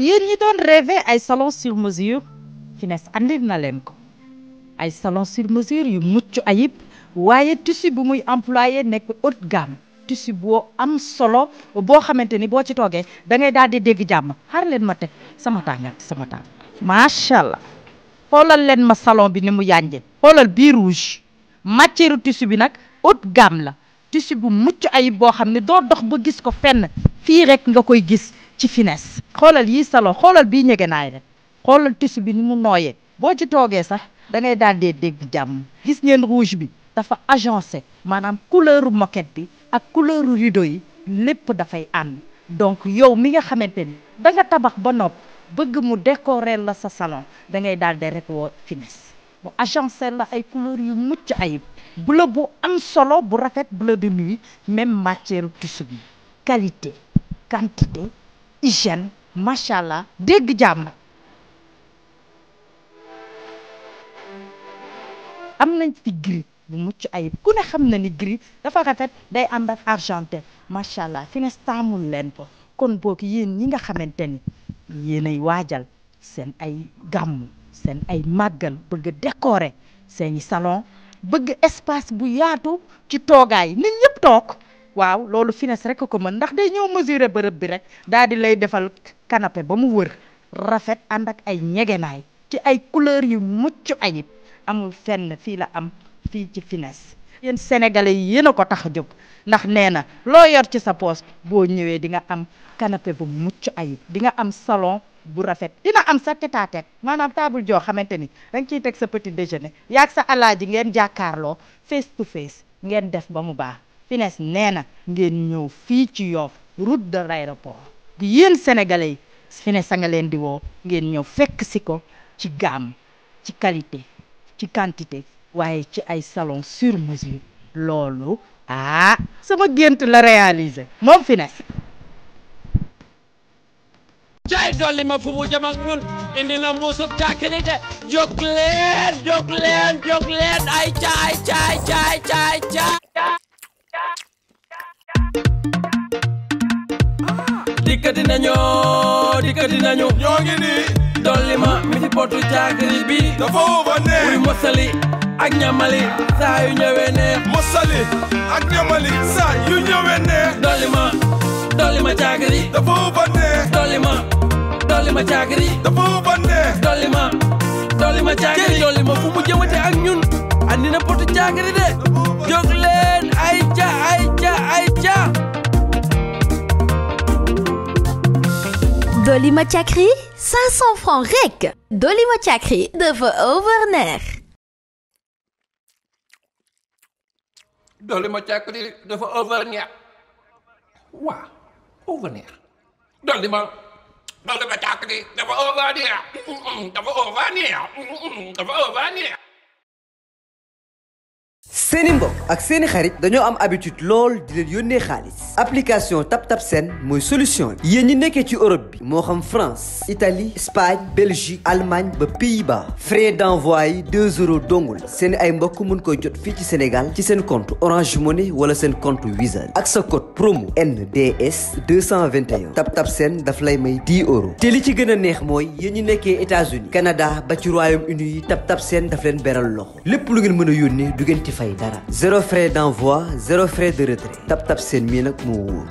yéen ñi doon rêvé ay salon sur mesure Finesse andil na leen ko ay salon sur mesure yu mucc ayib waaye tissu bu muy employé nekk ot gamme tissu boo am solo boo xamante ni boo ci toogee da ngay daal di dégg jàmm xaar leen ma teg sama tàngal sama tàng macha allah xoolal leen ma salon bi ni mu yànje xoolal bii rouge matière tissu bi nag ot gamme la tissu bu mucc ayib boo xam ne doo dox ba gis ko fenn fii rek nga koy gis ci finesse xoolal yii salon xoolal bii ñegenaay rek xoolal tissu bi ni mu nooyee boo ci toogee sax da ngay daal dee dégg jàmm gis ngeen rouge bi dafa agencé maanaam couleur moquette bi ak couleur rideau yi lépp dafay ànd donc yow mi nga xamante ni da nga tabax ba nopp bëgg mu décorer la sa salon da ngay daal de rek woo finesse mu agencé la ay couleur yu mucc ayib bleu bu am solo bu rafet bula de nuit même matière tissu bi qualité quantité hygiène macha allah dégg jàmm am nañ fi gris bu mucc ay ku ne xam na ni gris dafa day ànd ak argenté macha allah fi ne leen ko kon boog yéen ñi nga xamante ni yéenay waajal seen ay gàmm seen ay màggal bëgg a décorer seen i salon bëgg espace bu yaatu ci toogaay nit ñëpp toog. waaw loolu finesse rek ko mën ndax day ñëw mesurer bërëb bi rek daal di lay defal kanape ba mu wër rafet ànd ak ay ñegenaay ci ay couleurs yu mucc ayib amul fenn fii la am fii ci finesse. yéen sénégalais yi yéen a ko tax a jóg ndax nee na loo yor ci sa poos boo ñëwee di nga am canapé bu mucc ayib di nga am salon bu rafet dina am sa tête à maanaam table joo xamante ni da nga teg sa petit déjeuner yaag sa alaaji ngeen jàkkaarloo face to face ngeen def ba mu baax. finesse nee na ngeen ñëw fii ci Yoff route de l'aéroport di yéen sénégalais yi finesse leen di woo ngeen ñëw fekk si ko ci gaam ci qualité ci quantité waaye ci ay salon sur mesure loolu ah sama gént la réaliser moom finesse jaay dolli ma fu mu jëm ak ñun indi na muusu tàkk ni de jóg leen jóg leen jóg leen ay caay caay caay caay caay dikkati nañoo dikkati ñoo ngi nii. dolli ma mi ci potu caakiri bi. dafa wóoba nee muy mosali ak ma dolli ma caakiri. dafa wóoba ma dolli ma caakiri. dafa ma dolli ma caakiri. dolli ma fu mu ak ñun. andi na potu caakiri de. jóg leen ay ca ay ca ay ca. Dolima Cakri 500 francs rek Dolima Cakri dafa overneex Dolima Cakri dafa overneex Dolima Dolima Cakri dafa overneex mm, mm, dafa overneex mm, dafa seeni mbokk ak seeni xarit dañoo am habitude lool di leen yónnee xaalis application TapTap Send mooy solution bi yéen ñi nekkee ci Europe bi moo xam France Italie Espagne Belgique Allemagne ba pays ba frais d'envoi yi 2 euros dongul seeni ay mbokk mën koy jot fii ci Sénégal ci seen compte Orange Money wala seen compte Wizall ak sa code promo NDS 221 TapTap Send daf lay may 10 euros te li ci gën a neex mooy yéen ñi nekkee États-Unis Canada ba ci Royaume-Uni TapTap Send daf leen beral loxo lépp lu ngeen mën a yónnee du ngeen ci fay dara zéro frais d'envoi zéro frais de retrait Tap Tap Seen mii nag moo wóor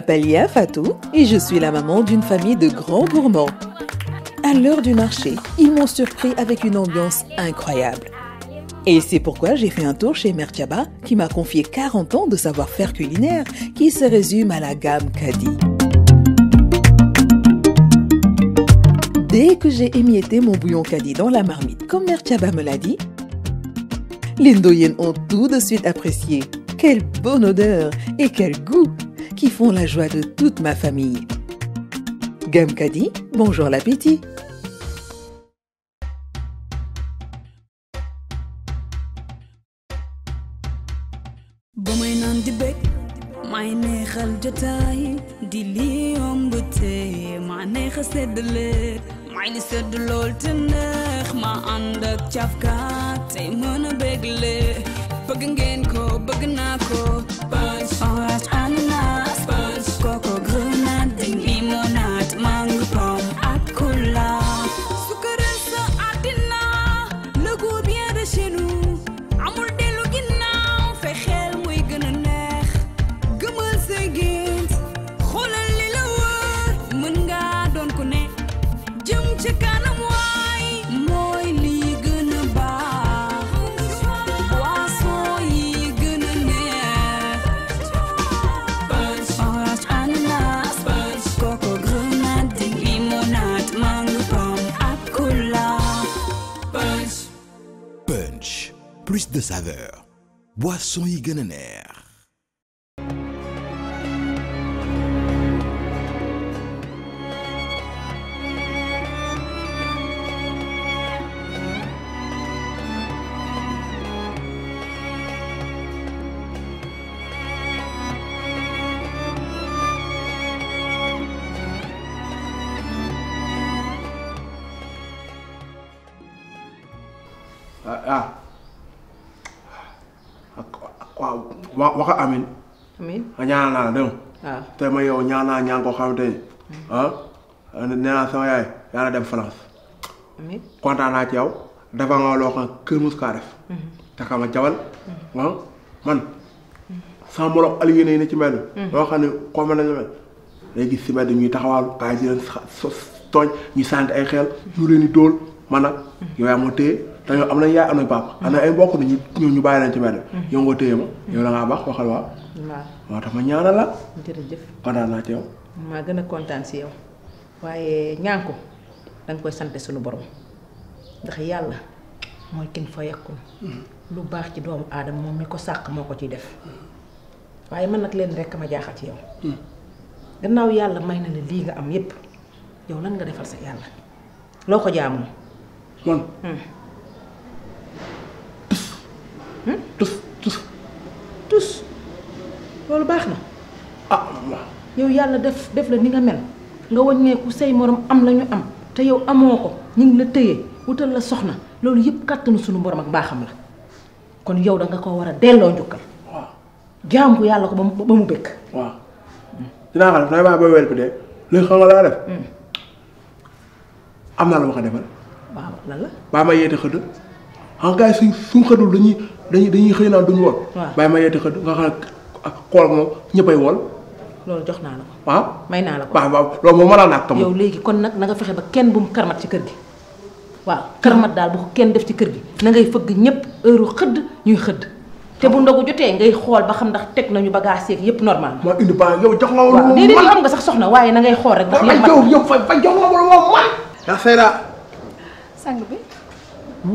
m'appelle Lia et je suis la maman d'une famille de grands gourmands. À l'heure du marché, ils m'ont surpris avec une ambiance incroyable. Et c'est pourquoi j'ai fait un tour chez Mertiaba qui m'a confié 40 ans de savoir-faire culinaire qui se résume à la gamme Kadi. Dès que j'ai émietté mon bouillon Kadi dans la marmite, comme Mertiaba me l'a dit, les Ndoyen ont tout de suite apprécié. Quelle bonne odeur et quel goût qui font la joie de toute ma famille. Gamkadi, bonjour l'appétit ba may naan di bég may neexal jotaay di lii yomb te maa neex a seddale may li sedd lool te neex ma ànd ak cafkaat te mën a bégle bëgg ngeen ko bëgg naa ko de saveur boisson yi gën wax wax amin amin ñaanal naa la dégg nga. waaw te ma yow ñaan naa ñaan koo xamante ni ah nee naa sama yaay yaa na dem France. amin kontaan naa ci yow dafa nga loo xam kër mus kaa def. Mhm. Mhm. Ah, man mhm. sama moroom Aliou yéen ne ci mbedd. loo xam ne xaw ma nañu léegi si mbedd ñuy taxawal kaay di leen tooñ ñu ay xel ñu leen di dóol man nag yow yaa ma te yow am na yaay am na papa mm-hmm. am ay mbokk ñu ñu bàyyi nañ ci mbedd mm-hmm. yow nga téye ma mm-hmm. yow da ngaa baax waxal waaw waaw tax ma ñaanal la jërëjëf kontaan naa ci yow maa gën a kontaan si yow waaye ñaan ko danga koy sante suñu borom ndax yàlla mooy kin fa yekkul lu baax ci doomu aadama moom mi ko sàq moo ko ciy def waaye man nag leen rekk ma jaaxal ci yow gannaaw yàlla may na la lii nga am yépp yow lan nga defal sa yàlla loo ko jaamoo man mm. tus tus tus loolu baax na ah yow yàlla def def la ni nga mel nga waññeeku say morom am la ñu am te yow amoo ko ñu ngi la tëyee wutal la soxna loolu yëpp kàttanu sunu borom ak mbaaxam la kon yow da ko war a delloo njukkal waaw jaam ko yàlla ko ba mu ba mu bëgg waaw dinaa xam hmm. naa la ma ko defal waaw lan baa ma yeete xëdd xam ah, nga gars suñ suñ xëddul dañuy dañuy xëy naan duñu woon. waaw bàyyi ma yeete xëy nga xam ak xool moom ñëppay woon. loolu jox naa la ko. Ah? may naa la ko waaw waaw loolu moom mënaan léegi kon nag na nga fexe ba kenn bu mu karmat ci kër gi. waaw karmat daal bu kenn def ci kër gi. na ngay fëgg ñëpp heure xëdd ñuy xëdd. te bu ndogu jotee ngay xool ba xam ndax teg nañu bagage yeeg yëpp normal. maa ba yow jox la am nga sax soxna waaye na ngay xool rek. ndax yéen yow yow fay jox la wala moom man. yaa Seyda. sang bi.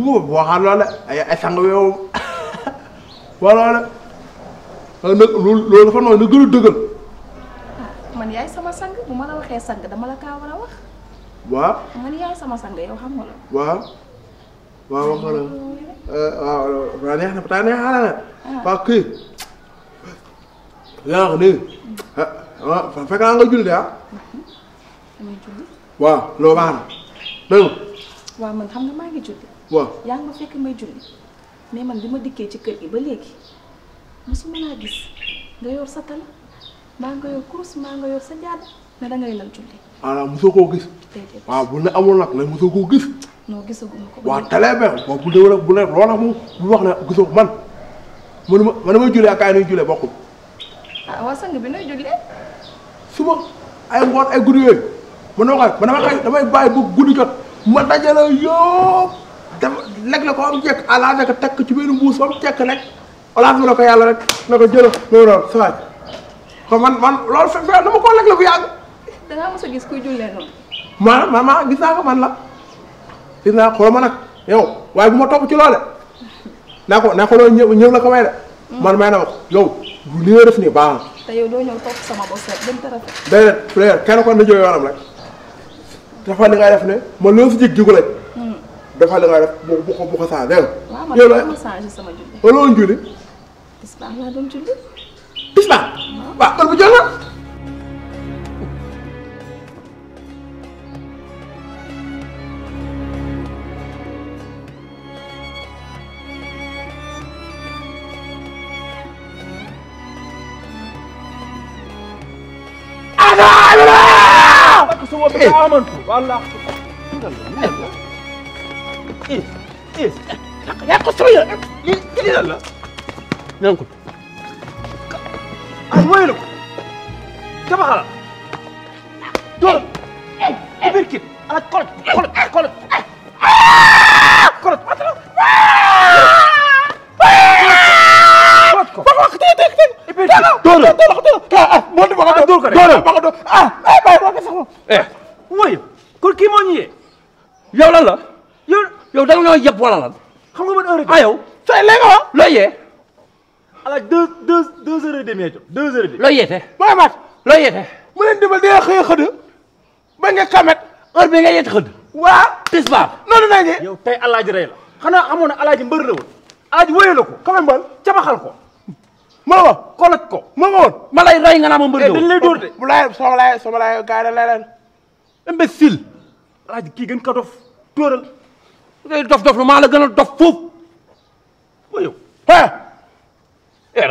wuu boo xam loolu ay sang bi voilà ah, nag loolu loolu dafa na gën a dëgër. ah man yaay sama sang bu ma la waxee sang dama la kaa wax. waaw man yaay sama sang yow xam nga la. waaw waaw wax nga la eh, waaw waaw na ba taa neexaale na. Ah. Ah, fekk naa nga julli de ah. damay loo baax na dégg nga. man xam nga maa ngi julli. yaa ngi fekk may julli. mais man bi ma dikkee ci kër gi ba léegi mosuma laa gis nga yor sa tala maa nga yor kurus maa nga yor sa jaada ne da ngay julli. maanaam mosoo koo gis. waaw bu ne amul nag la mosoo koo gis. non ko. waaw talee ba boo bu dee bu man manuma manuma julli ak ay nuy jullee bokkul. ah waa sang bi nuy jullee. suba ay ngoon ay guddi yooyu man noo xam man damay bàyyi ba guddi jot ma dajale yëpp. legle ko am jekk à la nekk tekk ci benn mbuus ba mu jekk rek olaat mu ko yàlla rek na ko jëlo noonu man man loolu fekk na ma koo legle bu yàgg. da ngaa gis kuy jullee noonu. ma man la naa xool ma nag yow waaye bu ma ci loole naa ko naa ko ñëw mm. na ko yow li nga baax na. sama bopp rek dem na jóge yoonam rek dafa li ngay def ne ma loolu si jig jigu lañ. dafa la nga def bu bu ko bu ko saa delloo. waaw man dama changé sama julli. wala woon julli. tisbaar laa doon julli. tisbaar. waaw kon bu jot na. ah non non. parce que su ma. eh waaw man. eh yaa ko sama yàlla lii lii lan la. ñaan ko. ah wóyul ko. jabaxala. doole. ci biir kii ala kolot kolot kolot. kolot atala. kolot ko. waaw waaw tey tey tey. doole doole doole doole. ah moom du ma ko doon doole ma ko doon ah. ah bàyyi ma ko sax ma. eh wóyul kon kii moo ñu yee. yow lan la. yow da nga ñoo yëpp wala lan. xam nga man heure ah yow. tey léegi nga ah. wax looy yee. ala deux deux deux heures et demie jot deux heures et demie. looy yeete. waaye ba nga kamet heure bi nga yeet xëdd. waa noonu naa ngi. tey alaaji rey la. xanaa xamoon na alaaji mbër la woon. alaaji wéyee la ko. kamet mbal cabaxal ko. ma wax kolat ko. ma nga ma lay rey nga naa ma mbër eh, la woon dañ lay dóor de. bu laay kii gën ka dof tóoral. day dof dof lu maa gën a dof foofu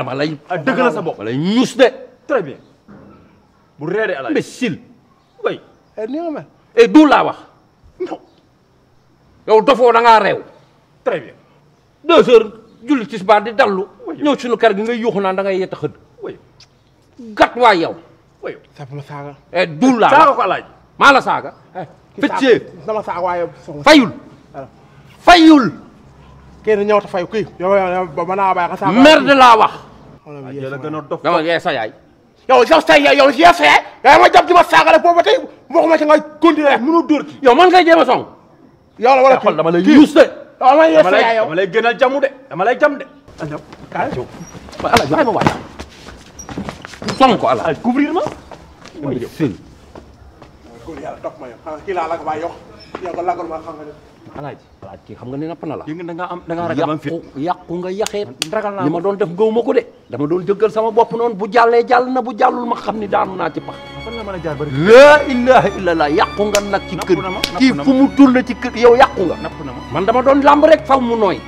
ba eh, ah, dëgg la sa bopp lay ñuus de. très bien eh, eh, du laa wax. non yow dofoo da ngaa réew. très bien deux heures julli tisbaar di dallu. ñëw suñu kër gi ngay yuuxu naan da ngay yett xëdd. gat waay yow. way saaga. eh du la saaga. fëccee fayul. kenn ñëw ta fay kuy. yow yow mën naa bàyyi xasaar. merde laa wax. yéen a ah, gën a dof. dama yee sa yaay. yow yow sa yaay yow yee sa yaay yow ma jàpp ci ma saagale boobu ba tey waxuma ci nga continuer mënu dóor yow man ngay jéem a song. yow la wala kii eh, dama lay yuus de. dama lay dama lay gënal jamu de dama lay jam de. allo allo. ala joxe ma waay. song ko ala. ay couvrir ma. mooy sëñ. Ah, ah, kii laa la ko bàyyi yokk yow ko lagal ma xam nga alaaji alaaji kii xam nga ne napp na la. yëngu da ngaa am da ngaa ragal am fit yàqu nga yaxee. ragal naa ma doon def gëw ma ko de. doon jëggal sama bopp noonu bu jàllee jàll na bu jàllul ma xam ni daanu naa ci pax. fan la mën a jaar bari. laa ilaaha illallah yàqu nga nag. ci kër kii fu mu tourné ci kër yow yàqu nga. napp man dama doon làmb rek faw mu nooy.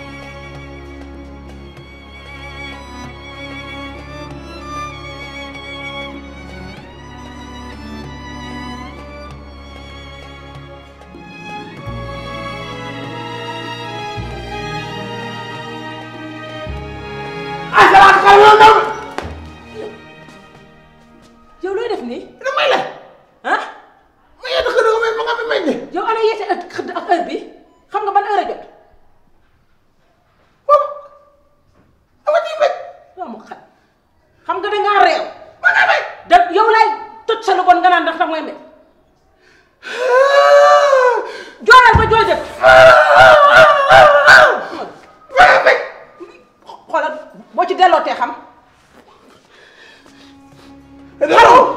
xoolal boo ci dellootee xam. xaru.